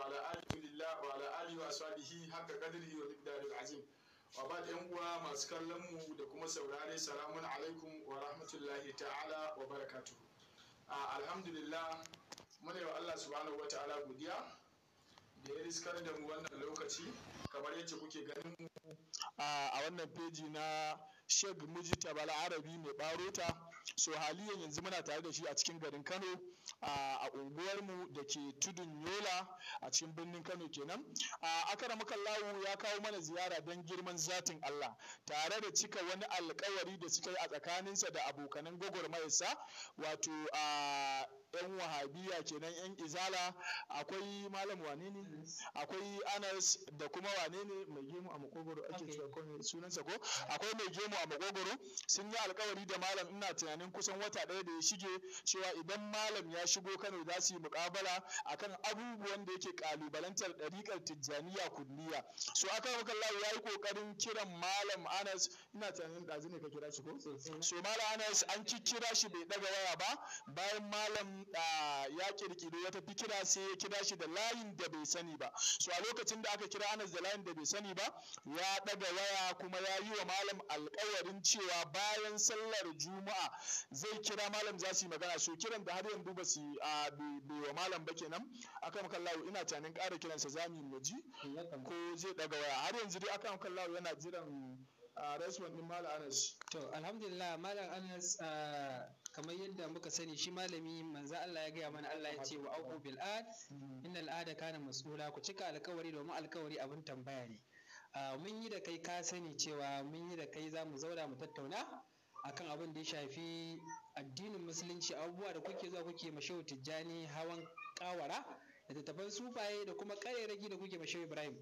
wa alhamdulillah wa alihi wa sahbihi haka qadri wa miqdaril azim wa ba uwa masu kallon mu da kuma saurare salamun alaikum wa rahmatullahi ta'ala wa barakatuh alhamdulillah muna yi Allah subhanahu wa ta'ala godiya da ya riskar da mu wannan lokaci kamar yadda kuke ganin mu a wannan peji na sheikh mujitab al-arabi mai ta. so haliyan yanzu muna tare da shi a cikin garin kano a unguwarmu da ke tudun yola a cikin birnin kano kenan akara lawu ya kawo mana ziyara don girman zatin allah tare da cika wani alkawari da suka yi a tsakaninsa da abokanan gwagwarmayarsa wato a 'yan wahabiya kenan 'yan izala akwai malam wane ne akwai anas da kuma wane ne mai gemu a makogoro ake cewa sunansa ko akwai mai gemu a makogoro sun yi alkawari da malam ina tunanin kusan wata ɗaya da ya shige cewa idan malam ya shigo kano za su yi mukabala akan abubuwan da yake kalubalantar ɗariƙar tijjaniya kulliya so aka makallahu ya yi ƙoƙarin kiran malam anas ina tunanin ɗazu ne ka kira shi ko so malam anas an kikkira shi bai ɗaga waya ba bayan malam ya kirkiri wata fikira sai ya kira shi da layin da bai sani ba so a lokacin da aka kira Anas da layin da bai sani ba ya daga waya kuma ya yi wa malam alƙawarin cewa bayan sallar juma'a zai kira malam za su yi magana so kiran da har yanzu ba su bai wa malam ba kenan akan kallawo ina tunanin ƙara kiransa za mu yi maji ko zai daga waya har yanzu dai akan kallawo yana jiran a rasuwan din malam Anas to alhamdulillah malam Anas kamar yadda muka sani shi malami manzo Allah ya gaya mana Allah ya ce wa aqu bil ad innal ada kana mas'ula ku cika alkawari domin alkawari abin tambaya ne ah, mun yi da kai ka sani cewa mun yi da kai za mu zauna mu tattauna akan abin da ya shafi addinin musulunci abubuwa da kuke zuwa kuke mashehu tijjani hawan kawara da tattafan sufaye da kuma ƙarerraki da kuke mashehu ibrahim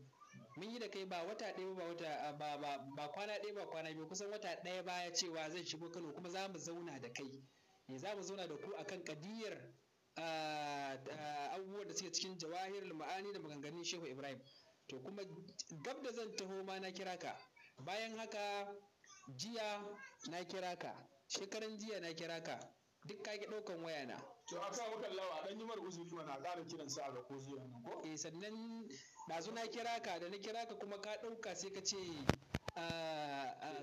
mun yi da kai ba wata ɗaya ba wata ah, ba kwana ɗaya ba kwana biyu kusan wata ɗaya baya cewa zan shigo kano kuma za mu zauna da kai Eh, za mu zauna da ku akan kadiyar abubuwan da suke cikin jawahir ma'ani da maganganun shehu ibrahim to kuma gab da zan taho ma na kira ka bayan haka jiya na kira ka shekaran jiya na kira ka duk ka ki ɗaukan waya na. To a sa wukan lawa dan yi mara uzuri mana ƙara kiran sa ga kozi wannan ko? Eh sannan ɗazu na kira ka da na kira ka kuma ka ɗauka sai ka ce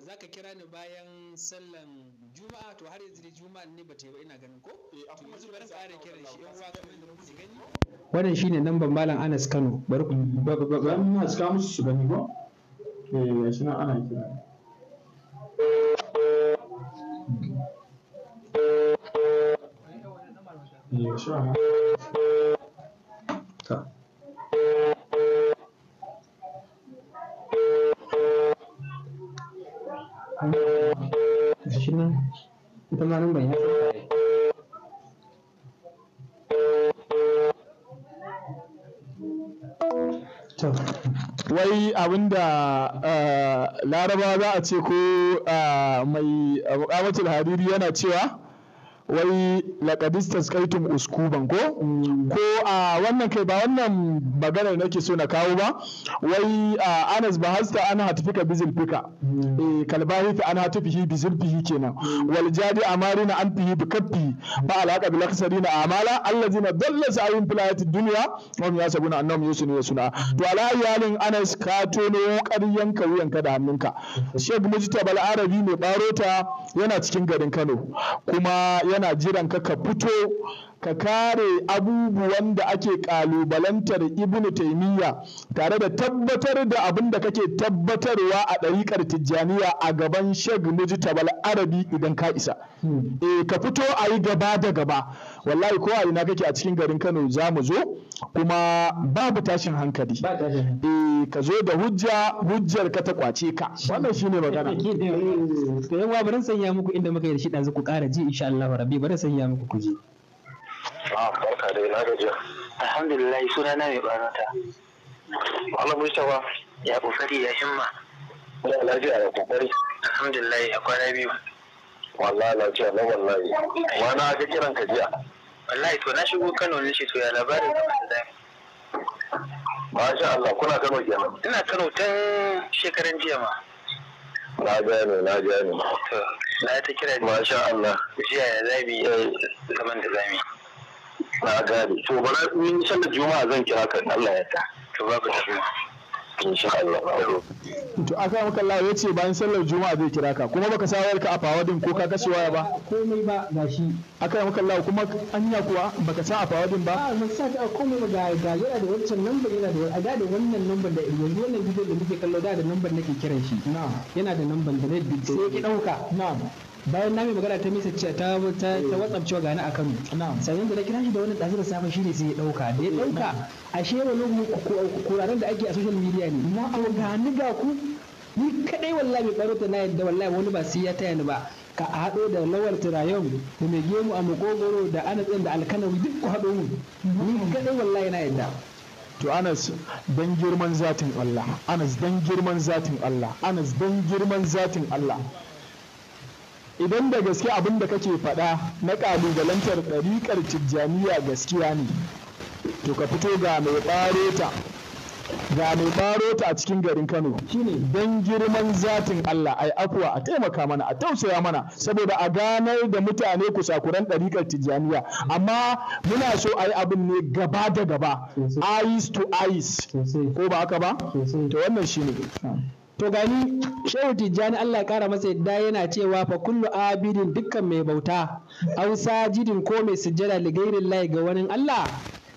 za ka kira ni bayan sallan juma'a to har yanzu ne juma'a ne ba ta yi ba ina ganin ko eh, to shi kamar malam Anas Kano bari ku cika musu su gani ko wai abinda eh, laraba za a ce ko eh, mai eh, mukamatul hadiri yana cewa wai laƙadistas kaitum uskuban ko ko a wannan kai ba wannan maganar nake so na kawo ba wai a anas ba hasta an fika bizil fika eh kalbahi an hatfihi bizil fihi kenan wal jadi na an fihi bi kaffi ba bi bil na amala Allah allazina dalla sa'in fil hayati dunya wa yasabuna annahum yusinu suna to ala iyalin anas ka tono ƙaryan ka wuyan ka da hannunka shek mujtaba al arabi mai barota yana cikin garin Kano kuma ya yana jiran ka ka fito ka kare abubuwan da ake ƙalubalantar ibn taimiyya tare da tabbatar da abin da kake tabbatarwa a ɗariƙar tijjaniya a gaban sheg mujtabal arabi idan ka isa e ka fito a yi gaba da gaba wallahi ko a ina kake a cikin garin kano za mu zo kuma babu tashin hankali e ka zo da hujja hujjar ka ta kwace ka wannan shine magana eh, to yawa bari sanya muku inda muka yi shi ɗazu ku ƙara ji insha Allah rabbi bari sanya muku ku je a ah, barka dai na gajiya alhamdulillah suna na mai barata malam mustapha ya kokari ya himma ya lafiya ya kokari alhamdulillah ya kwana biyu wallahi lafiya na wallahi na aka kiran ka jiya wallahi to na shigo kano ne shi to ya labarin da Masha Allah kuna Kano kenan. Ina Kano tun shekaran jiya ma. Na gane na gane. Na ta kira Masha Allah. Jiya ya zabi eh. zaman da zami. na gane to bara ni sallar juma'a zan kira ka Allah ya ta to babu insha Allah to aka maka Allah ya ce bayan sallar juma'a zai kira ka kuma baka sa ka a fawadin ko ka kashe waya ba komai ba gashi aka maka Allah kuma anya kuwa baka sa a fawadin ba a ban sa ta komai ba ga ga yana da wancan lambar yana da a da wannan lambar da yanzu wannan gidan da muke kallo da da lambar nake kiran shi na'am yana da lambar da ne sai ki ɗauka. na'am bayan na mai magana ta misa ce ta ta WhatsApp cewa gani a Kano sannan da na kira shi da wani ɗazu da shi shine sai ya dauka da ya ɗauka ashe wani kuraren da ake a social media ne na gani ga ku ni kadai wallahi mai baro ta na yadda wallahi wani ba sai ya taya ni ba ka haɗo da lawar turayen da mai gemu a makogoro da anatsin da alkanar duk ku haɗo mu ni kadai wallahi na yadda to anas dan girman zatin Allah anas dan girman zatin Allah anas dan girman zatin Allah idan da gaske abin da kake faɗa na ƙalubalantar ɗariƙar tijjaniya gaskiya ne to ka fito ga mai ɓaro ta ga mai ɓaro ta a cikin garin kano shine don girman zatin allah ai afuwa a taimaka mana a tausaya mana saboda a ganar da mutane kusakuran ɗariƙar tijjaniya amma muna so a yi abin ne gaba da gaba eyes to eyes ko ba haka ba to wannan shine to gani shehu tijjani Allah kara masa yadda yana cewa fa kullu abidin dukkan mai bauta aw sajidin ko mai sujjada li Allah ga wani Allah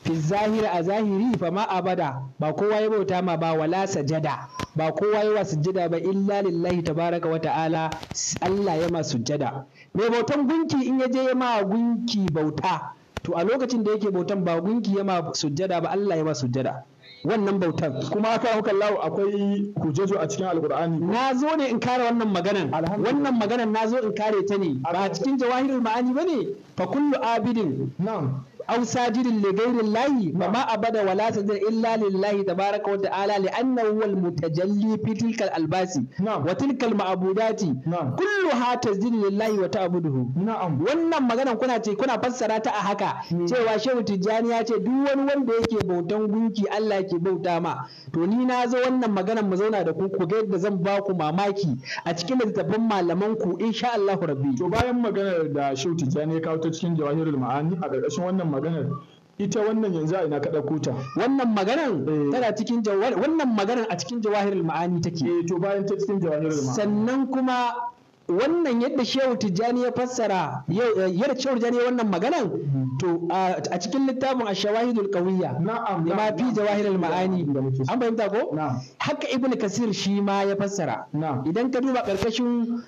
fi zahiri a zahiri fa ma abada ba kowa ya bauta ma ba wala sajada ba kowa ya sujjada ba illa lillahi tabaraka wa ta'ala Allah ya ma sujjada mai bautan gunki in ya je ya ma gunki bauta to a lokacin da yake bautan ba gunki ya ma sujjada ba Allah ya ma sujjada wannan bautar kuma aka hukan lawo akwai hujjojo a cikin alkur'ani na zo ne in kare wannan maganan wannan maganan na zo in kare ta ne ba cikin jawahirul ma'ani ba fa kullu abidin na'am aw sajidin li ghairi llahi fa ma abada wala sajada illa lillahi tabaraka wa ta'ala li annahu wal mutajalli albasi wa tilka al ma'budati kulluha tasjudu lillahi wa wannan maganan kuna ce kuna fassara ta a haka hmm. cewa shehu tijjani ya ce duk wani wanda yake bautan gunki Allah ke bauta ma to ni na zo wannan maganan mu zauna da ku ku ga yadda zan ba ku mamaki a cikin littattafan malaman ku insha Allah rabbi to bayan maganar da shehu tijjani ya kawo ta cikin jawahirul ma'ani a ƙarƙashin wannan maganar ita wannan yanzu a ina ka ɗauko ta wannan maganar eh. tana cikin jawahir wannan maganar a cikin jawahirul ma'ani take eh to bayan ta cikin jawahirul ma'ani sannan kuma wannan yadda shehu tijjani ya fassara eh, yadda shehu tijjani ya wannan maganan to a cikin littafin ashawahidul qawiyya ma fi jawahirul ma'ani an fahimta ko haka ibnu kasir shi ma ya fassara idan ka duba karkashin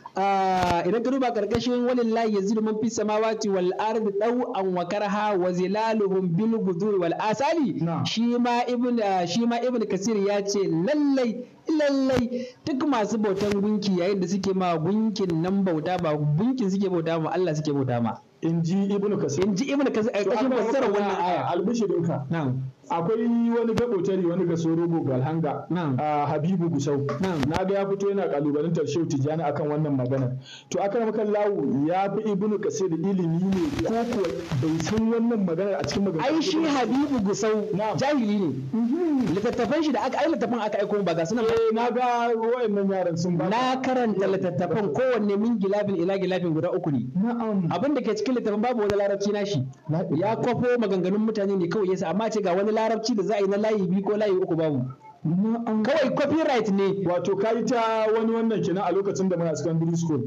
idan ka duba karkashin walillahi yazidu man fis samawati wal ɗau an wa karha wa zilaluhum bil ghudwi wal asali shi ma ibnu ibnu kasir ya ce lallai lallai duk masu bautan gunki yayin da suke ma gunkin nan bauta ba gunkin suke bauta ma Allah suke bauta ma in ji ibnu kasir in ji ibnu kasir a ƙarshen fassarar wannan aya albishirinka na'am akwai wani gabo tare wani gaso rogo galhanga a habibu gusau na ga ya fito yana kalubalantar shehu tijjani akan wannan magana to akan makan lawu ya fi ibnu kasir ilimi ne ko kuwa bai san wannan magana a cikin magana ai shi habibu gusau jahili ne mhm. littattafan shi da aka ai littattafan aka aiko ba ga sunan eh na ga wayannan yaran sun ba na karanta littattafan kowanne min gilabin ila gilabin guda uku ne na'am abinda da ke cikin littattafan babu wani larabci na shi ya kwafo maganganun mutane ne kawai yasa amma ce ga wani wani larabci da za a yi na layi biyu ko layi uku babu kawai copyright ne wato ka yi ta wani wannan kenan a lokacin da muna cikin school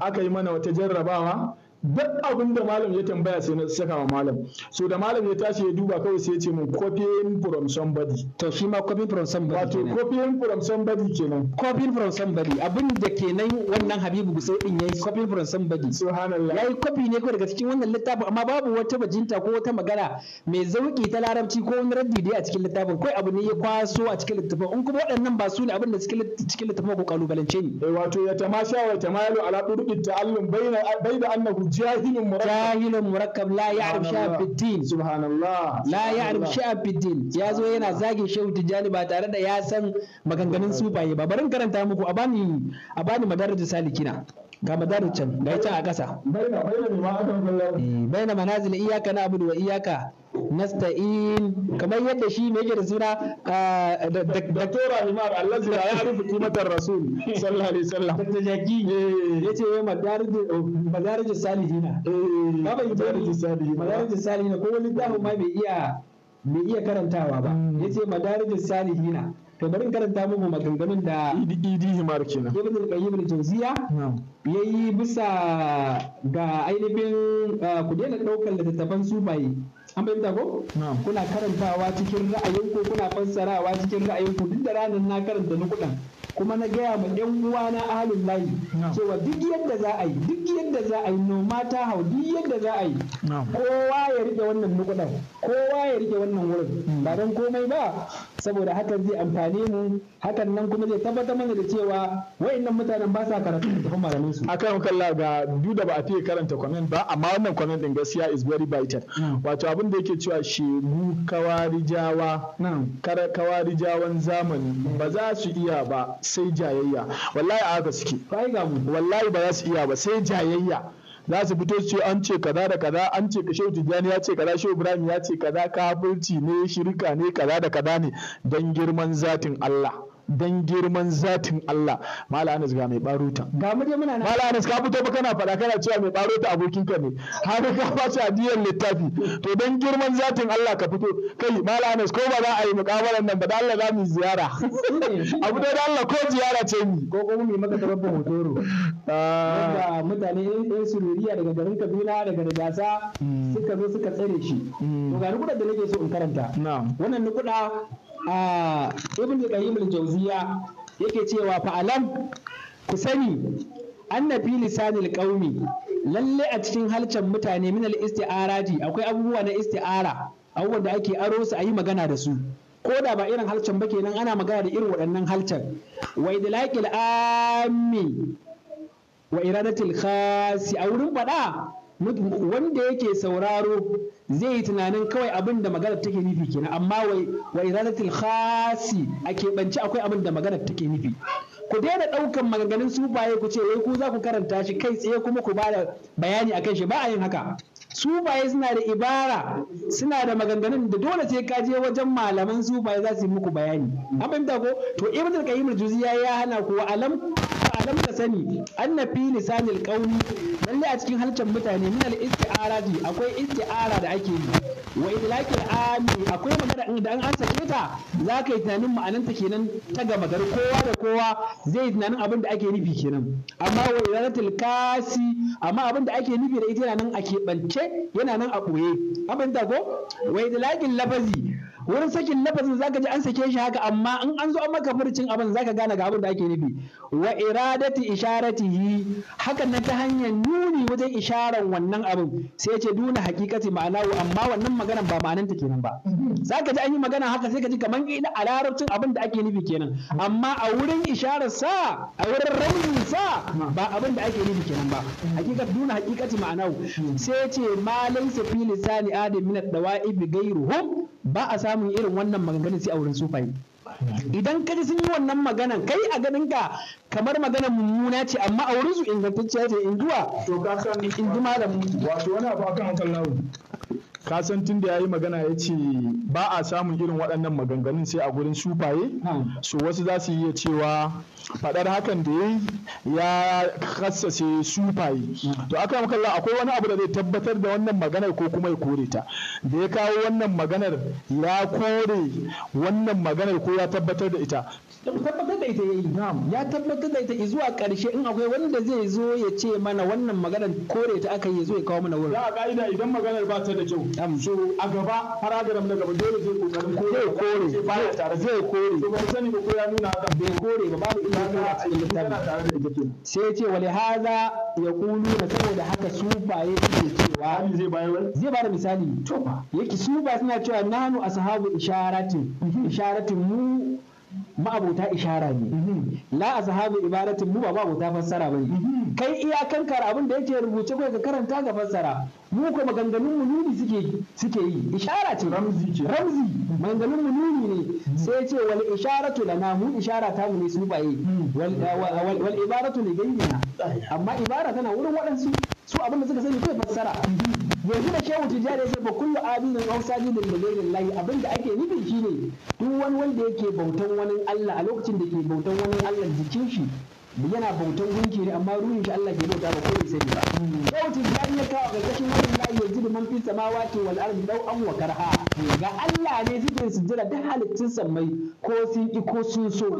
aka yi mana wata jarrabawa duk abin da malam ya tambaya sai na saka wa malam so da malam ya tashi ya duba kawai sai ya ce mun copying from somebody to shi ma copying from somebody wato copying from somebody kenan copying from somebody abin da kenan wannan habibu gusau din yayi copying from somebody subhanallah yayi copy ne ko daga cikin wannan littafin amma babu wata bajinta ko wata magana mai zauki ta larabci ko wani raddi dai a cikin littafin kai abu ne ya kwaso a cikin littafin in kuma waɗannan ba su ne abin da cikin littafin ko kalubalance ne eh, wato ya tamasha wa tamayalu ala turuqit ta'allum bayna bayda annahu jahilun ya jahilun murakkab la ya'rif sha'a fiddin subhanallah la ya'rif sha'a fiddin yazo yana zagin shehu tijjani ba tare da yasan san maganganun sufaye ba barin karanta muku a bani a bani madarajin salikina ga madarajin can a kasa baina baina iyaka na kullu baina manazil iyyaka nasta'in kamar yadda shi ne yake da suna ah, doktora imam allazi ya rufe kimatar rasul sallallahu alaihi wasallam da jaki eh, yace wai madarij oh, madarij salihina eh madarij salihina madarij salihina ko wani dawo ma bai iya bai iya karantawa ba hmm. yace madarij salihina to bari karanta muku maganganun da idi himar kenan ibn al-qayyim al-jawziya yayi bisa ga ainihin uh, ku daina daukar littattafan sufaye an fahimta ko kuna karantawa cikin ra'ayinku kuna fassarawa cikin ra'ayinku duk da ranar na karanta ni kudan kuma na gaya ma yan uwa na ahalin layi cewa duk yadda za a yi duk yadda za a yi noma ta hau duk yadda za a yi kowa ya rike wannan nukudan kowa ya rike wannan wurin hmm. ba don komai ba saboda hakan zai amfane mu hakan nan kuma zai tabbatar mana da cewa wayannan mutanen ba sa karatu da tafi malamin su akan kalla ga duk da ba a fiye karanta comment ba amma wannan comment din gaskiya is very vital wato abin da yake cewa shegu kawarijawa kara kawarijawan zamani ba za su iya ba sai jayayya wallahi a haka suke wallahi ba za su iya ba sai jayayya za su fito su ce an ce kaza da kaza an ce ka shehu tijjani ya ce kaza shehu ibrahim ya ce kaza kafirci ne shirka ne kaza da kaza ne don girman zatin Allah dan girman zatin Allah mala anas ga mai baruta ga mu je muna mala anas ka fito kana fada kana cewa mai baruta abokin ka ne har ka faci adiyar littafi to dan girman zatin Allah ka fito kai mala anas ko ba za a yi mukabalan nan ba da Allah za mu ziyara abu da Allah ko ziyara ce ni? ko ko mu maka tarabba hotoro da mutane yan sururiya daga garin Kabila daga rajasa hmm. suka zo suka tsare shi hmm. to ga nukuda da nake so in karanta wannan nukuda a ibn qayyim al-jawziya yake cewa fa alam ku sani anna fi lisanil qaumi lalle a cikin halcin mutane min al-isti'araji akwai abubuwa na isti'ara abubuwan da ake aro su a yi magana da su ko da ba irin halcin ba kenan ana magana da irin waɗannan halcin wa idlaqil ammi wa iradatil khasi a wurin faɗa wanda yake sauraro zai yi tunanin kawai abin da magana take nufi kenan amma wai wa iradatul khasi a keɓance akwai abin da magana take nufi ku daina ɗaukan maganganun sufaye ku ce wai ku za ku karanta shi kai tsaye kuma ku ba da bayani akan shi ba a yin haka sufaye suna da ibara suna da maganganun da dole sai ka je wajen malaman sufaye za su yi muku bayani an fahimta ko to ibnu al-qayyim al-juziyya ya hana ku alam alam ka sani anna fi lisanil qawmi lalle a cikin halittar mutane min al-isti'arati akwai isti'ara da ake yi wa al ami akwai magana da an an ke ta za ka yi tunanin ma'ananta kenan ta gama gari kowa da kowa zai yi tunanin abin da ake nufi kenan amma wa idlatil kasi amma abin da ake nufi da ita nan a keɓance yana nan a ɓoye abin da ko wai da laƙin lafazi wurin sakin lafazin zaka ji an sake shi haka amma in an zo an maka furcin abin zaka gane ga abin da ake nufi wa iradati isharatihi hakan na ta hanyar nuni wajen isharar wannan abin sai ce duna hakikati ma'anahu amma wannan maganar ba ma'anan ta kenan ba zaka ji an yi magana haka sai ka ji kaman ina a larabcin abin da ake nufi kenan amma a wurin isharar sa a wurin raunin sa ba abin da ake nufi kenan ba hakikat duna hakikati ma'ana sai ce ma laysa fi lisani adam min ad-dawa'i ghayruhum ba a samun irin wannan maganganun sai a wurin sufaye idan ka ji sun yi wannan maganan kai a ganin ka kamar magana mummuna ce amma a wurin su ingantacciya ce in zuwa to ka san in ji malamu wato wani abu akan hakan lawo Kasan tun da ya yi magana ya ce ba a samun irin waɗannan maganganun sai a gurin sufaye hmm. so wasu za su iya cewa faɗar hakan da yayi ya kassace sufaye hmm. to aka makalla akwai wani abu da zai tabbatar da wannan maganar ko kuma ya kore ta da ya kawo wannan maganar ya kore wannan maganar ko ya tabbatar da ita tabbatar da ita yayi eh, ya tabbatar da ita zuwa karshe in akwai wanda zai zo ya ce mana wannan maganar kore ta aka yi zo ya kawo mana wurin a ka'ida idan maganar ba ta da kyau so a gaba har paragraph na gaba dole zai kokarin kore kore tare zai kore to ban sani ba ko ya nuna haka bai kore ba babu ina nuna a cikin littafin sai ya ce wali haza ya kulu na saboda haka su baye suke cewa zai bayar zai bada misali to yake su ba suna cewa nanu ashabu isharatin mhm. isharatin mu ma'abota ishara ne la azhabu ibaratin mu ba ma'abota fassara bane kai iyakan kar abin da yake rubuce kai ka karanta ga fassara mu ko maganganun mu nuni suke suke yi ishara ce ramzi ce ramzi maganganun mu nuni ne sai ce wal isharatu lana mu ishara ta mu ne su baye wal ibaratu li amma ibara tana wurin waɗansu su abin da suka sani kai fassara yanzu da shehu tijjani ce ba kullu abidin Hausa ne da gairin lahi abin da ake nufi shine duk wani wanda yake bautan wani Allah a lokacin da ke bautan wani Allah jikin shi yana bautan gunki ne amma ruhin shi Allah ke bauta ba ko sai ba sautin ya iya kawo karkashin wannan la yajidu man ma wato wal ardi law an wa karha ga Allah ne suke sujjada da halittun sammai ko sun ki ko sun so ko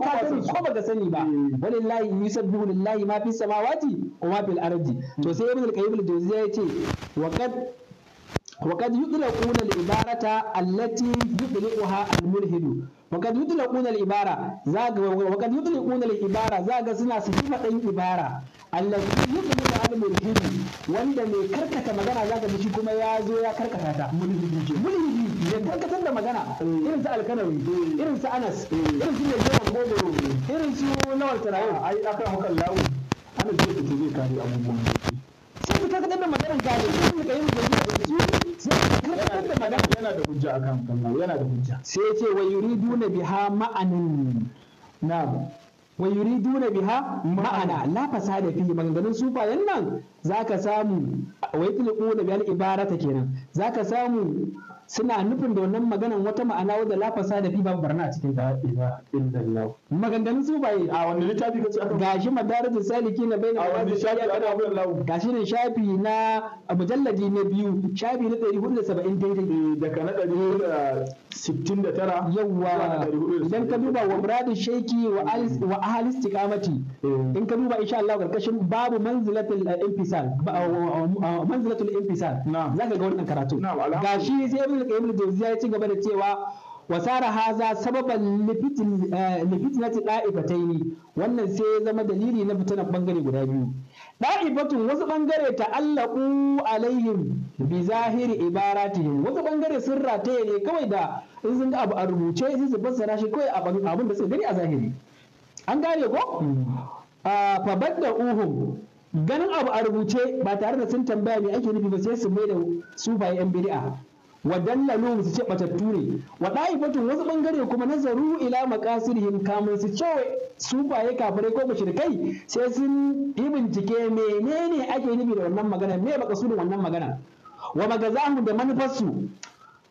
ka sani ko baka sani ba walillahi yusabbihu lillahi ma fi samawati wa ma fil ardi to sai ibn al-qayyim al-jawziyya yace wa qad وقد يطلقون العبارة التي يطلقها الملحد وقد يطلقون العبارة زاغ وقد يطلقون العبارة زاغ سنا صفة عبارة التي karkata magana zaka ji shi kuma ya zo ya karkata ta mulhidi mulhidi ya da magana irin su alkanawi irin su anas irin su mai irin su lawal tarayyar ai akan hukan lawo ana zai fito su karkatar da maganar gane su ne kayan da yana da hujja akan kalmar yana da hujja sai ya ce wa yuriduna biha ma'anin na'am wa yuriduna biha ma'ana la fasada fi maganganun sufayen nan zaka samu wa yutliquna bi al-ibarata kenan zaka samu suna nufin da wannan maganan wata ma'ana wadda lafasa da fi babu barna a cikin ta illallah maganganun su bai a wanda littafi kace aka gashi madarijus saliki na bayin a wanda shafi ana abun gashi ne shafi na mujalladi na biyu shafi na 470 daidai daga na 69 yawa idan ka duba wa muradin shaiki wa ahalis tikamati in ka duba insha Allah karkashin babu manzilatul infisal manzilatul infisal zaka ga wannan karatu gashi sai ibn qayyim jawziya ya ci gaba da cewa wasara haza sababan lifitinati eh, ne. wannan sai ya zama dalili na fitanan bangare guda biyu da'ibatun wasu bangare ta'allaku alaihim bi zahiri ibaratihim wasu bangare sun rataye ne kawai da in sun ga abu a rubuce sai su fassara shi kawai abin da suka gani a zahiri an gane ko hmm. ah, fa da uhum ganin abu a rubuce ba tare da sun tambaya me ake nufi ba sai su mai da su ba yan bid'a wa dallalu su ce batattu ne wa wasu bangare kuma nazaru ila maqasidihim kamun su ce su baye kafirai ko mushrikai sai sun yi bincike menene ake nufi da wannan magana me baka su da wannan magana wa magazahum da manufarsu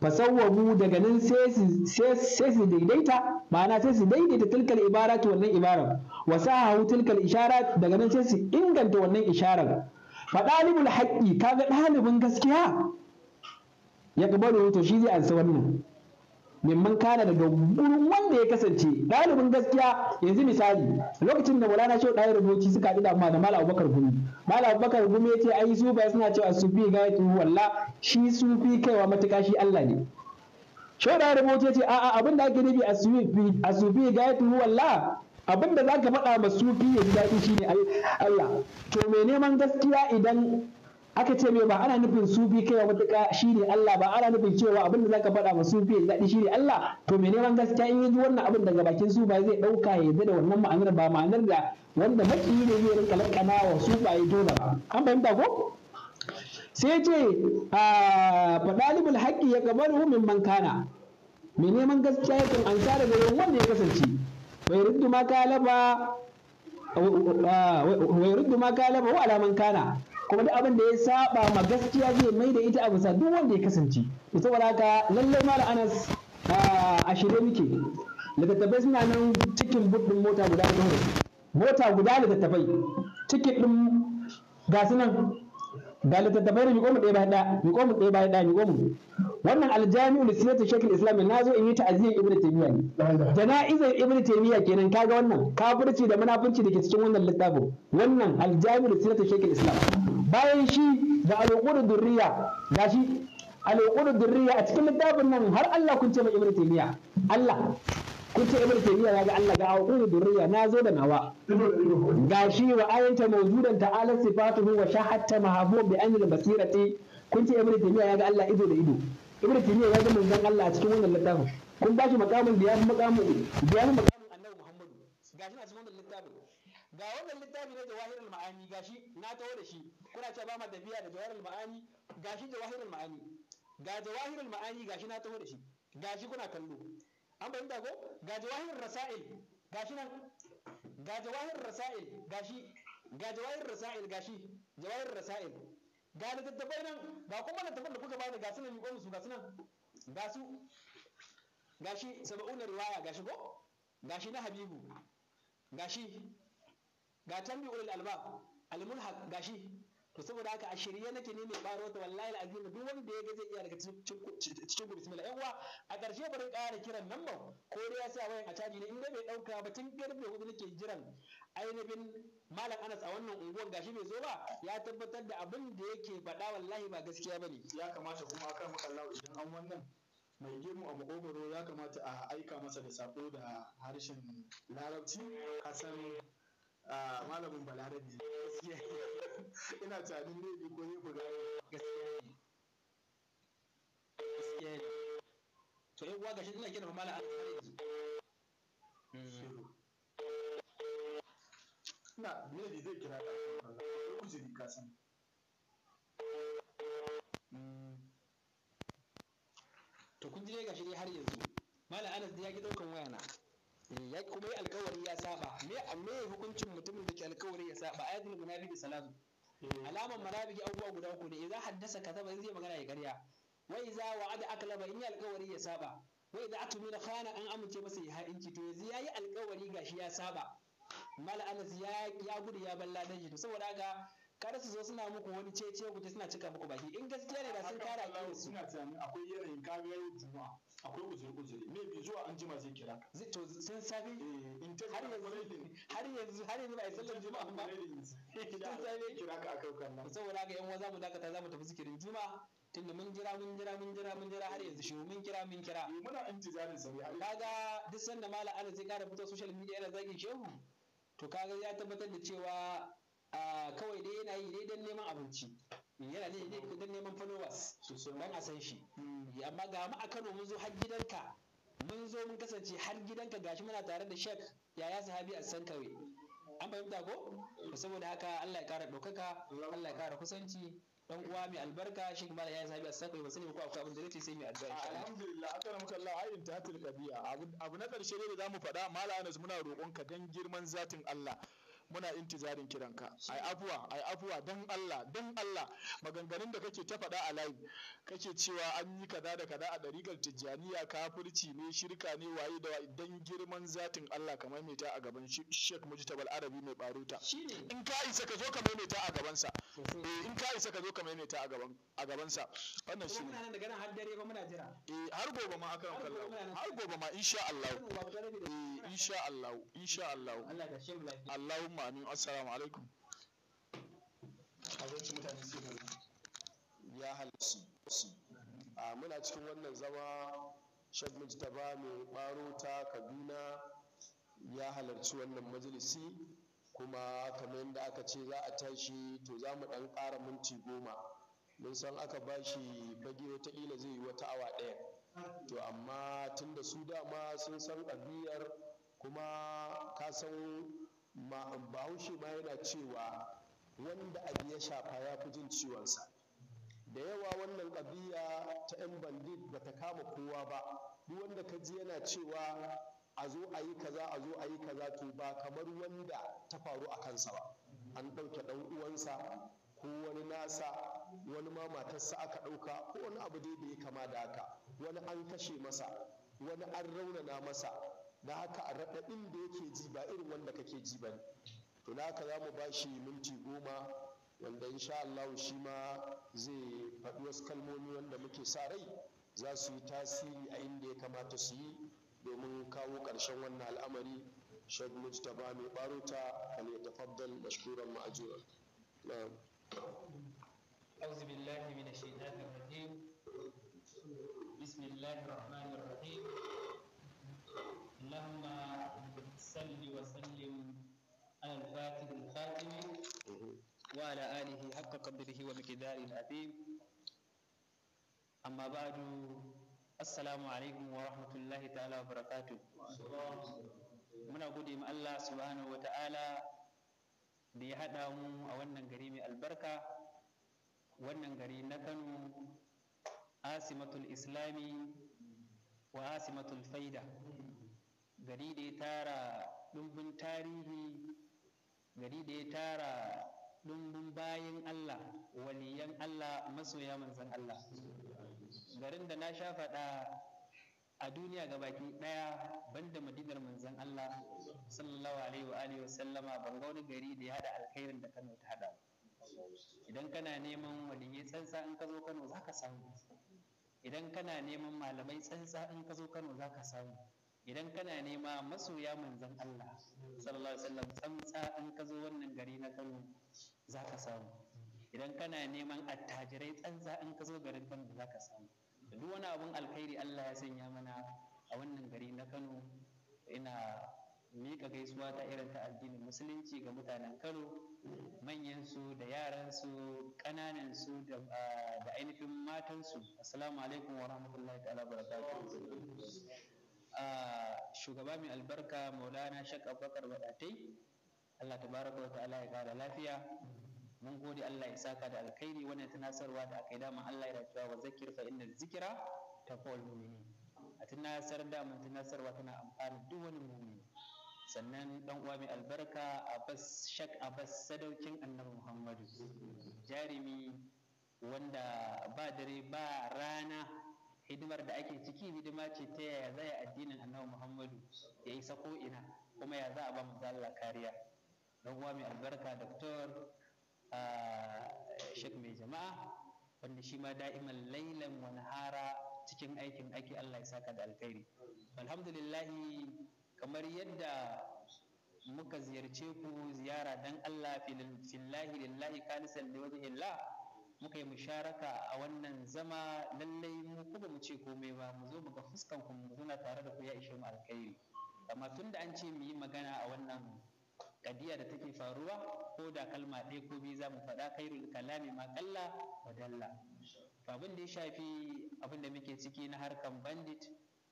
fasawwamu daga nan sai su daidaita ma'ana sai su daidaita tilkal ibarat wannan ibarar wa sahahu tilkal isharat daga nan sai su inganta wannan isharar fa dalibul haqqi kaga dalibin gaskiya ya kabaru to shi zai ansa wannan mimman kana daga wurin wanda ya kasance Dalibin gaskiya yanzu misali lokacin da Maulana Shehu Dahir Bauchi suka haɗu da da Malam Abubakar Gumi Malam Abubakar Gumi ya ce ai su ba suna cewa sufi ga yake walla shi sufi kaiwa matuka shi Allah ne Shehu Dahir ya ce a'a abin da ake nufi a sufi a sufi ga yake walla abin da zaka faɗa ma sufi ya ji daɗi shine Allah to me neman gaskiya idan aka ce me ba ana nufin sufi kai matuƙa shine Allah ba ana nufin cewa abin da zaka faɗa ma sufi ya daɗi shine Allah to me neman gaskiya in yaji wannan abin daga bakin su ba zai ɗauka ya yarda da wannan ma'anar ba ma'anar da wanda maki ne zai rinka lakana wa su ba ya dole ba an fahimta ko sai ce a ah, fadalibul haqqi ya gabaru min man kana me neman gaskiya yakan ansa daga wanda ya kasance bai riddu ma kalaba wai ruddu ma kalaba wa man kana kuma duk abin da ya saba ma gaskiya zai mai da ita a bisa duk wanda ya kasance to saboda haka lallai mara anas a shirye muke littattafai suna nan cikin buɗin mota guda hudu mota guda littattafai cikin ɗin ga su nan ga littattafai da miƙo mu ɗaya bayan ɗaya miƙo mu ɗaya bayan ɗaya miƙo mu wannan aljami'u da shekaru shekul islami na zo in yi ta'aziyar ibn taymiya ne jana'izar ibn taymiya kenan kaga wannan kafirci da munafunci da ke cikin wannan littafin wannan aljami'u da shekaru shekul islami bayan shi da alƙudu durriya gashi alƙudu durriya a cikin littafin nan har Allah kun ce mai ibnu taymiya Allah kun ce ibnu taymiya ya ga Allah ga alƙudu durriya na zo da nawa gashi wa ayanta mawjudan ta'ala sifatuhu wa shahatta mahabub bi anil basirati kun ce ibnu taymiya ya ga Allah ido da ido ibnu taymiya ya ga manzon Allah a cikin wannan littafin kun ba shi makamin da ya fi makamin da ya fi makamin annabi Muhammadu gashi na cikin wannan littafin ga wannan littafi na jawahirul ma'ani gashi na taho da shi kuna ce ba ma tafiya da jawahirul ma'ani gashi jawahirul ma'ani ga jawahirul ma'ani gashi na taho da shi gashi kuna kallo an bayyana ko ga jawahirul rasail gashi nan ga jawahirul rasail gashi ga jawahirul rasail gashi jawahirul rasail ga littattafai nan ba kuma tafin da kuka bani ga sunan miƙon su ga sunan ga su gashi saba'una riwaya gashi ko gashi na habibu gashi ga tambi ulul albab almulhaq gashi to saboda haka a shirye nake ne mai baro ta wallahi alazim duk wanda ya ga zai iya daga cikin gudu bismillah yawa a karshe bari kara kiran nan ba ko dai ya sa wayan a caji ne in dai bai dauka ba tun ƙarfe hudu nake jiran ainihin malam anas a wannan unguwar gashi bai zo ba ya tabbatar da abin da yake faɗa wallahi ba gaskiya bane. ya kamata kuma kan makallawa idan an wannan mai girma a makogoro ya kamata a aika masa da sako da harshen larabci kasan Ah, malamin balarabi gaskiya ina tunanin ne ko ne ku gaskiya ne gaskiya ne to yau uwa gashi ina kira fa malam alƙali yanzu hmm. ina ne zai kira ka zai ka san hmm. to kun ji dai gashi dai har yanzu malam anas ya ki daukan wayana Eh, ya kuma yi alkawari ya saba me me hukuncin mutumin da ke alkawari ya saba ayatul munafiki salatu eh. alaman abubuwa guda uku ne idza haddasa kaza ba zai magana ya ƙarya wa idza wa'ada aklaba in yi alkawari ya saba wa idza atumina khana an amince masa ya ha'inci to yanzu yayi alkawari gashi ya saba mala anas ya ya gudu ya balla da shi to saboda haka kar su zo suna muku wani cece ku suna cika muku baki in gaskiya ne da sun kara kiyasu suna tunani akwai yanayin kagayar juma'a akwai uzuri uzuri bi zuwa an jima zai kira ka to sun safe eh, har yanzu har yanzu har yanzu ba a sallar juma'a ba tun safe kira ka akai kan nan saboda ga yan uwa zamu dakata zamu tafi zikirin juma'a tunda mun jira mun jira mun jira mun jira har yanzu shi mun kira mun kira eh, muna intizarin sa ne kaga duk sanda malam Allah zai kara fito social media yana zagin shehu to kaga ya tabbatar da cewa kawai dai yana yi dai dan neman abinci yana ne dan neman followers dan a san shi hmm. daɗi amma ga mu a Kano mun zo har gidanka mun zo mun kasance har gidanka gashi muna tare da Sheikh yaya sahabi a kawai an fahimta ko saboda haka Allah ya kara ɗaukaka Allah ya kara kusanci dan uwa mai albarka shi kuma ya yayin a asaka ba sani ko akwai abin da nake sai mai addu'a alhamdulillah akan Allah ai intahatul qabiya abu na karshe ne da zamu faɗa mallam Anas muna roƙonka dan girman zatin Allah muna intizarin kiranka ai afuwa ai afuwa dan Allah dan Allah maganganun da kake ta faɗa a layi kake cewa an yi kaza da kaza a ɗarikar tijjaniya kafirci ne shirka ne waye da waye dan girman zatin Allah ka maimaita a gaban Sheikh Mujtabal Arabi mai baruta in ka isa ka zo ka maimaita a gabansa Mhm. Eh, in ka isa ka zo ka maimaita a gabansa wannan shi muna nan daga nan har dare ba muna jira eh har gobe ma akan kallon har gobe ma insha Allah eh insha Allah insha Allah Allah ka shi lafiya Allahumma amin assalamu alaikum mutane su ga ya halasu a muna cikin wannan zama Sheikh Mujtaba mai baro ta Kaduna ya halarci wannan majalisi kuma kamar yadda aka ce za a tashi to za mu ɗan ƙara minti goma mun san aka ba shi fage wataƙila zai yi wata awa ɗaya to amma tun da su dama sun san ƙabiyar kuma ka san bahaushe ma yana cewa wanda abu ya shafa ya fi jin ciwonsa da yawa wannan ƙabiya ta 'yan bandit ba ta kama kowa ba duk wanda ka ji yana cewa a zo a yi kaza a zo a yi kaza to ba kamar wanda ta faru a kansa ba an ɗauke ɗan uwansa ko wani nasa wani ma matarsa aka ɗauka ko wani abu dai da ya kama da haka wani an kashe masa wani an raunana masa na haka a raɗaɗin da yake ji ba irin wanda kake ji ba ne to na haka za mu ba shi minti goma wanda insha Allah shi ma zai faɗi wasu kalmomi wanda muke sa rai za su yi tasiri a inda ya kamata su yi domin kawo ƙarshen wannan al'amari shek mujtaba mai baruta kan ya tafaddal mashkuran ma'ajuran na'am أعوذ بالله من الشيطان الرجيم بسم الله الرحمن الرحيم اللهم صل وسلم على الفاتح الخاتم وعلى آله حق قدره ومقداره العظيم أما بعد assalamu alaikum wa rahmatullahi ta'ala wa barakatu muna gode ma Allah subhanahu wa ta'ala da ya haɗa mu a wannan gari mai albarka wannan gari na kano asimatul islami wa asimatul faida gari da ya tara ɗumbin tarihi gari da ya tara ɗumbin bayan Allah waliyan Allah masoya manzan Allah garin da na sha faɗa a duniya ga baki ɗaya banda madinar manzon Allah sallallahu alaihi wa alihi sallama ban ga wani gari da ya hada alkhairin da Kano ta hada idan kana neman waliyyi tsantsa in ka zo Kano zaka samu idan kana neman malamai tsantsa in ka zo Kano zaka samu idan kana nema masoya manzon Allah sallallahu alaihi wasallam tsantsa in ka zo wannan gari na Kano zaka samu idan kana neman attajirai tsantsa in ka zo garin Kano zaka samu da duk wani abun alkhairi Allah ya sanya mana a wannan gari na Kano ina mika gaisuwa ta irin ta addinin musulunci ga mutanen Kano manyan su da yaran su kananan su da ainihin matan su assalamu alaikum wa rahmatullahi ta'ala barakatuh shugaba mai albarka maulana shakka bakar wadatai Allah tabaraka wa ta'ala ya kara lafiya mun gode Allah ya saka da alkhairi wannan tunasarwa da aka yi dama Allah ya cewa wa zakir fa inna zikira taqul a tunasar da mun tunasarwa tana amfani duk wani mu'mini sannan dan uwa mai albarka Abbas Shak Abbas sadaukin Annabi Muhammadu jarimi wanda ba dare ba rana hidimar da ake ciki hidima ce ta yaya za a addinin annabi muhammadu ya isa ko ina kuma ya za a ba mu kariya dan uwa mai albarka doctor Ah, shek mai jama'a wanda shi ma da'iman lailan wani hara cikin aikin ake Allah ya saka da alkhairi alhamdulillahi kamar yadda muka ziyarce ku ziyara dan Allah fillahi lillahi kalisan da wajen illa muka yi musharaka a wannan zama lallai mu kuma mu ce komai ba mu zo mu ga fuskan ku mu tare da ku ya ishe mu alkhairi amma tunda an ce mu yi magana a wannan kadiya da take faruwa ko da kalma ɗaya ko biyu za mu faɗa kairul kalami ma kalla wa dalla abin da ya shafi abin da muke ciki na harkan bandit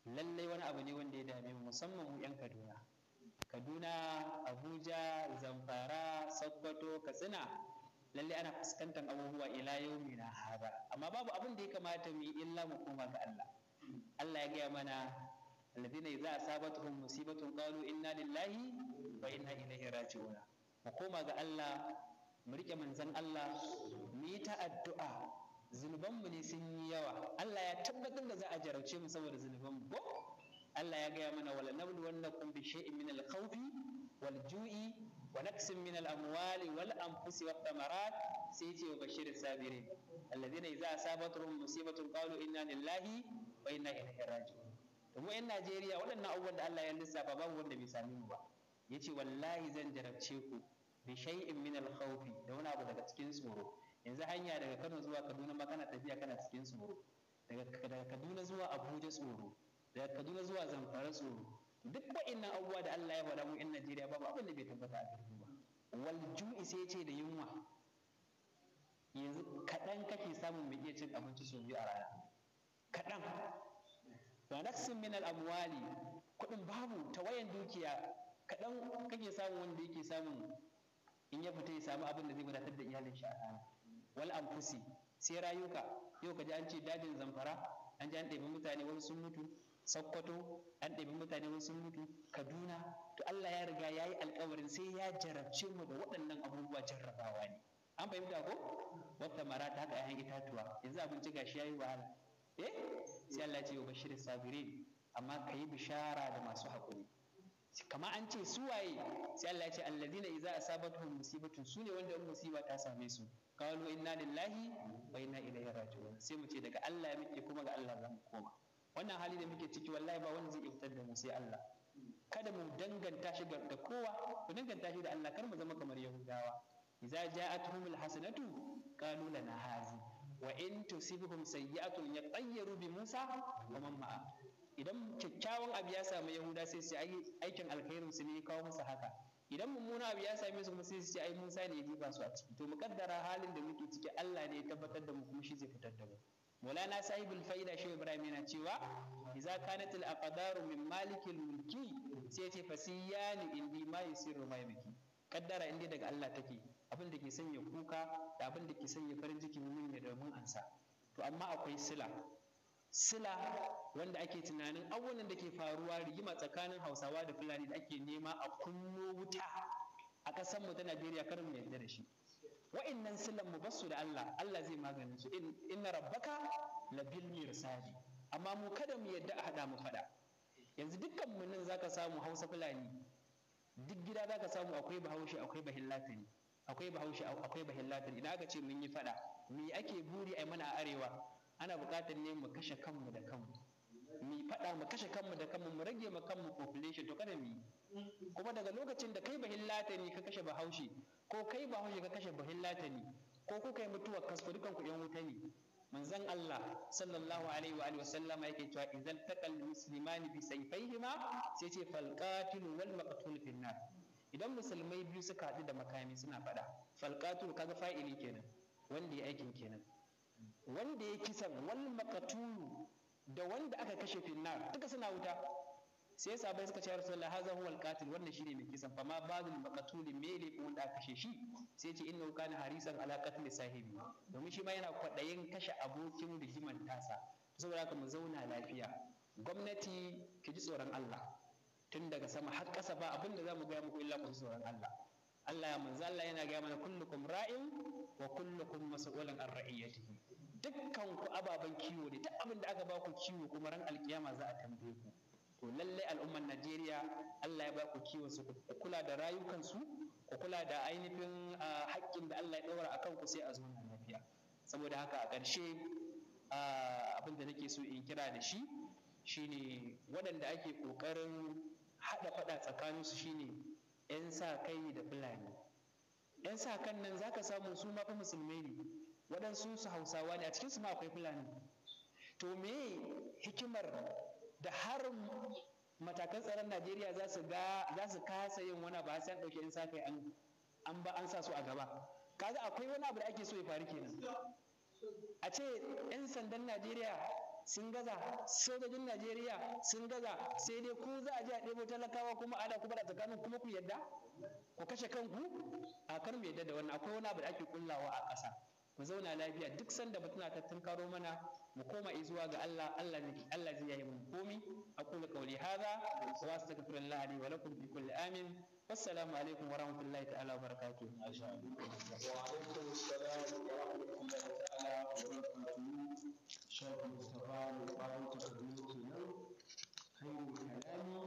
lallai wani abu ne wanda ya dame mu musamman mu 'yan kaduna kaduna abuja zamfara sokoto katsina lallai ana fuskantar abubuwa ila yau na haba amma babu abin da ya kamata mu yi illa mu koma ga Allah Allah ya gaya mana alladhina idza asabatuhum musibatun qalu inna lillahi fa inna ilaihi raji'una mu koma ga Allah mu rike manzon Allah mu yi ta addu'a mu ne sun yi yawa Allah ya tabbatar da za a jarauce mu saboda mu ba Allah ya gaya mana wala nablu wannakum bi shay'in min al-khawfi wal ju'i wa naqsin min al-amwali wal anfusi wa thamarat sai ce wa bashir sabirin alladhina idza asabatuhum musibatun qalu inna lillahi wa inna ilaihi raji'un to mu 'yan Najeriya waɗannan abubuwan da Allah ya lissafa babu wanda bai same mu ba Ya ce wallahi zan jarabce ku bi shay'in min al-khawfi da wani abu daga cikin tsoro yanzu hanya daga Kano zuwa Kaduna ma kana tafiya kana cikin tsoro daga Kaduna zuwa Abuja tsoro daga Kaduna zuwa Zamfara tsoro duk wa'annan abubuwa da Allah ya faɗa mu in Najeriya babu abin da bai tabbata a garin ba wal ju'i sai ce da yunwa yanzu kaɗan kake samun mai iya cin abinci sau biyu a rana kaɗan wa naqsin min al-amwali kuɗin babu wayan dukiya kaɗan kake samun wanda yake samun in ya fita ya samu abin da zai wadatar da iyalin shi a rana wal anfusi sai rayuka yau ka ji an ce dajin zamfara an ji an ɗebi mutane wasu sun mutu sokoto an ɗebi mutane wasu sun mutu kaduna to allah ya riga ya yi alkawarin sai ya jarabce mu da waɗannan abubuwa jarrabawa ne an fahimta ko wata mara ta haka ayan itatuwa yanzu abinci gashi ya yi wahala eh sai allah ya ce wa bashir sabirin amma ka yi bishara da masu haƙuri kamar an ce su waye sai Allah ya ce alladina idza asabatuhum musibatu sune wanda in musiba ta same su qalu inna lillahi wa inna ilaihi raji'un sai mu ce daga Allah muke kuma ga Allah za mu koma wannan hali da muke ciki wallahi ba wanda zai iya fitar da mu sai Allah kada mu danganta shi ga kowa mu danganta shi da Allah kar mu zama kamar yahudawa idza ja'atuhum hasanatu qalu lana hazi wa in tusibhum sayyi'atun yatayyaru bi Musa wa man ma'a kyakkyawan abu ya samu yahuda sai su aikin alkhairin su ne kawo musu haka idan mummuna abu ya same su kuma sai su ce ai Musa ne ya jefa su a ciki to mu kaddara halin da muke ciki Allah ne ya tabbatar da mu kuma shi zai fitar da mu Maulana sahibul fa'ida shi Ibrahim yana cewa idza kanat al aqdaru min malikil mulki sai ce fasiyani indi ma yusiru ma yamki kaddara inda daga Allah take abin da ke sanya kuka da abin da ke sanya farin ciki mun da mun ansa to amma akwai sila sila wanda ake tunanin abubuwan da ke faruwa rigima tsakanin hausawa da fulani da ake nema a kunno wuta a ƙasar mu ta najeriya kar mu yarda da shi wa'innan silan mu basu da allah allah zai magani su inna rabbaka labil mirsadi amma mu kada mu yarda a hada mu fada yanzu dukkan mu nan zaka samu hausa fulani duk gida zaka samu akwai bahaushe akwai bahillatani akwai bahaushe akwai bahillatani idan aka ce mun yi fada me ake buri a mana a arewa ana buƙatar ne mu kashe kanmu da kanmu mu faɗa mu kashe kanmu da kanmu mu rage ma kanmu population to kada mu kuma daga lokacin da kai bahin latani ka kashe bahaushe ko kai bahaushe ka kashe bahin latani ko kuka yi mutuwar kasko dukan ku yan wuta ne manzon Allah sallallahu alaihi wa alihi wasallama yake cewa idan taqal musliman bi sayfayhima sai ce fal wal maqtul fil nar idan musulmai biyu suka haɗu da makami suna faɗa fal qatil kaga fa'ili kenan wanda ya aikin kenan wanda ya kisan wal maqtulu da wanda aka kashe finnar duka suna wuta sai sahabbai suka ce rasulullahi haza huwa qatil wannan shine mai kisan fa ma bazul maqtuli me ko wanda aka kashe shi sai ce innahu kana harisan ala qatl sahibi domin shi ma yana kwadayin kashe abokin rigiman tasa saboda haka mu zauna lafiya gwamnati ki ji tsoron Allah tun daga sama har ƙasa ba abin da zamu ga muku illa mu ji tsoron Allah Allah ya manzo Allah yana ga mana kullukum ra'in wa kullukum mas'ulun an ra'iyatihi dukkan ku ababen kiwo ne duk abin da aka ba ku kiwo kuma ran alkiyama za a tambaye ku to lallai al'umman Najeriya Allah ya ba ku kiwo su ku kula da rayukansu ku kula da ainihin haƙƙin da Allah ya daura akan ku sai a zo nan lafiya saboda haka a ƙarshe abin da nake so in kira da shi shine waɗanda ake ƙoƙarin haɗa faɗa su shine 'yan sa kai da fulani 'yan sa kan nan zaka samu su ma musulmai ne waɗansu su hausawa ne a cikin su ma akwai fulani to me hikimar da har matakan tsaron najeriya za su ga za su kasa yin wani ba sai an ɗauke in safe an an ba an sa su a gaba kaga akwai wani abu da ake so ya faru kenan a ce 'yan sandan najeriya sun gaza sojojin najeriya sun gaza sai dai ku za a ji a ɗebo talakawa kuma ada kuma da tsakanin kuma ku yadda ku kashe kanku a kar mu yadda da wannan akwai wani abu da ake kullawa a ƙasa mu zauna lafiya duk sanda batuna ta tunkaro mana mu koma zuwa ga Allah Allah ne Allah zai yi mun komi aqulu qawli hadha wa astaghfirullah li wa lakum bi kulli amin wassalamu alaikum wa rahmatullahi ta'ala wa barakatuh wa alaikum assalam wa rahmatullahi ta'ala wa barakatuh shaykhul mustafa wa barakatuh kenan khairu kalami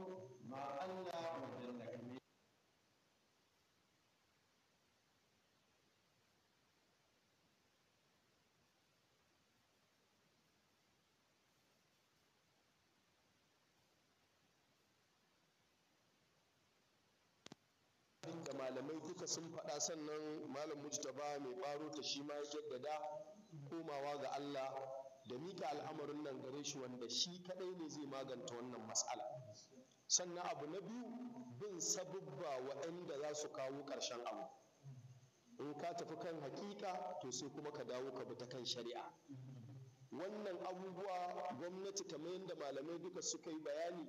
ma Allah wa jalla da malamai duka sun faɗa sannan malam mujtaba mai ɓaro ta shi ma ya jaddada komawa ga Allah da mika al'amarin nan gare shi wanda shi kadai ne zai maganta wannan matsala sannan abu na biyu bin sabubba waɗanda za su kawo ƙarshen abu in ka tafi kan hakika to sai kuma ka dawo ka bi ta kan shari'a wannan abubuwa gwamnati kamar yadda malamai duka suka yi bayani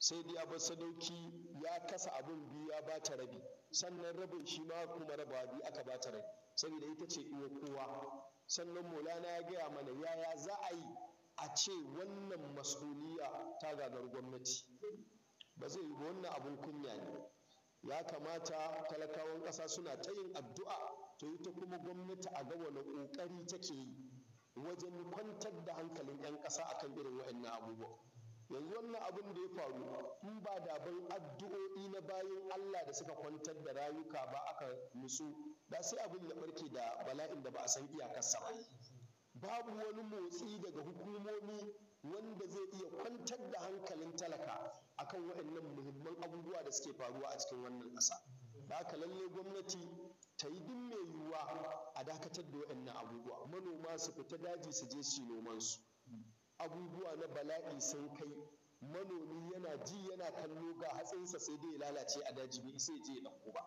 sai dai abin sadauki ya kasa abin biyu ya ba ta rabi sannan rabin shi ma kuma raba biyu aka ba ta rabi saboda ita ce iya kowa sannan maulana ya gaya mana yaya za a yi a ce wannan mas'uliya ta gagar gwamnati ba zai yi wannan abin kunya ne ya kamata talakawan ƙasa suna ta yin addu'a to ita kuma gwamnati a ga wani ƙoƙari take yi wajen kwantar da hankalin 'yan ƙasa akan irin waɗannan abubuwa yanzu wannan abin da ya faru in ba da ban addu'o'i na bayan Allah da suka kwantar da rayuka ba aka nutsu da sai abin ya barke da bala'in da ba a san iyakarsa ba babu wani motsi daga hukumomi wanda zai iya kwantar da hankalin talaka akan waɗannan muhimman abubuwa da suke faruwa a cikin wannan ƙasa da ka lalle gwamnati ta yi duk mai yiwuwa a dakatar da waɗannan abubuwa manoma su fita daji su je su nomansu abubuwa na bala'i sun kai manomi yana ji yana kallo ga hatsinsa sai dai lalace a daji bai sai je ya ba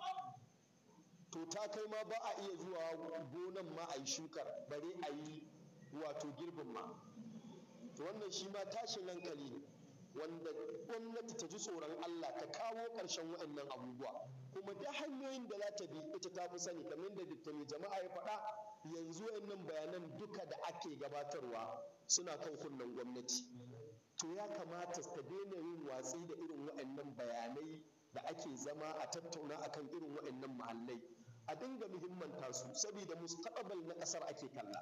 to ta kai ma ba a iya zuwa gonan ma a yi shukar bare a yi wato girbin ma to wannan shi ma tashin hankali ne wanda gwamnati ta ji tsoron Allah ta kawo ƙarshen waɗannan abubuwa kuma da hanyoyin da za ta bi ita ta fi sani kamar da dukkanin jama'a ya faɗa yanzu waɗannan bayanan duka da ake gabatarwa suna kan kunnen gwamnati to ya kamata ta daina yin watsi da irin waannan bayanai da ake zama a tattauna akan irin waɗannan mahallai a dinga muhimmanta su saboda mustaqbal na ƙasar ake kalla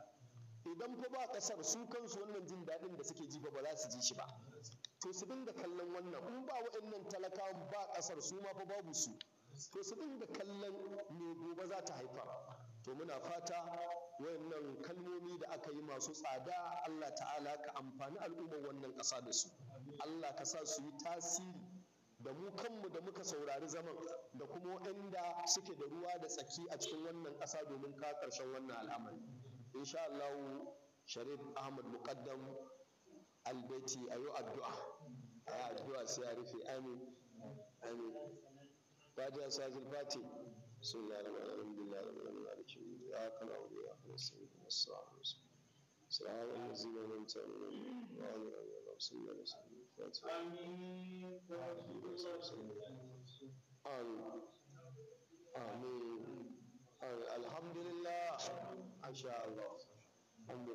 idan fa ba ƙasar su kansu wannan jin daɗin da suke ji ba za su ji shi ba to su dinga kallon wannan in ba waɗannan talakawan ba ƙasar su ma fa babu su to su dinga kallon me gobe za ta haifar to muna fata wayannan kalmomi da aka yi masu tsada Allah ta'ala ka amfani al'ummar wannan ƙasa da su Allah ka sa su yi tasiri da mu kanmu da muka saurari zaman da kuma waɗanda suke da ruwa da tsaki a cikin wannan ƙasa domin ka ƙarshen wannan al'amari insha Allah Sharif Ahmad Muqaddam Albaiti ayo addu'a ayi addu'a sai ya rufe amin amin Fatiha Sazil Fatiha بسم الله الرحمن الرحيم الحمد لله رب العالمين مالك يوم الدين اياك نعبد واياك نستعين الصراط المستقيم صراط الذين انعمت عليهم غير المغضوب عليهم ولا امين امين امين الحمد لله ان شاء الله الحمد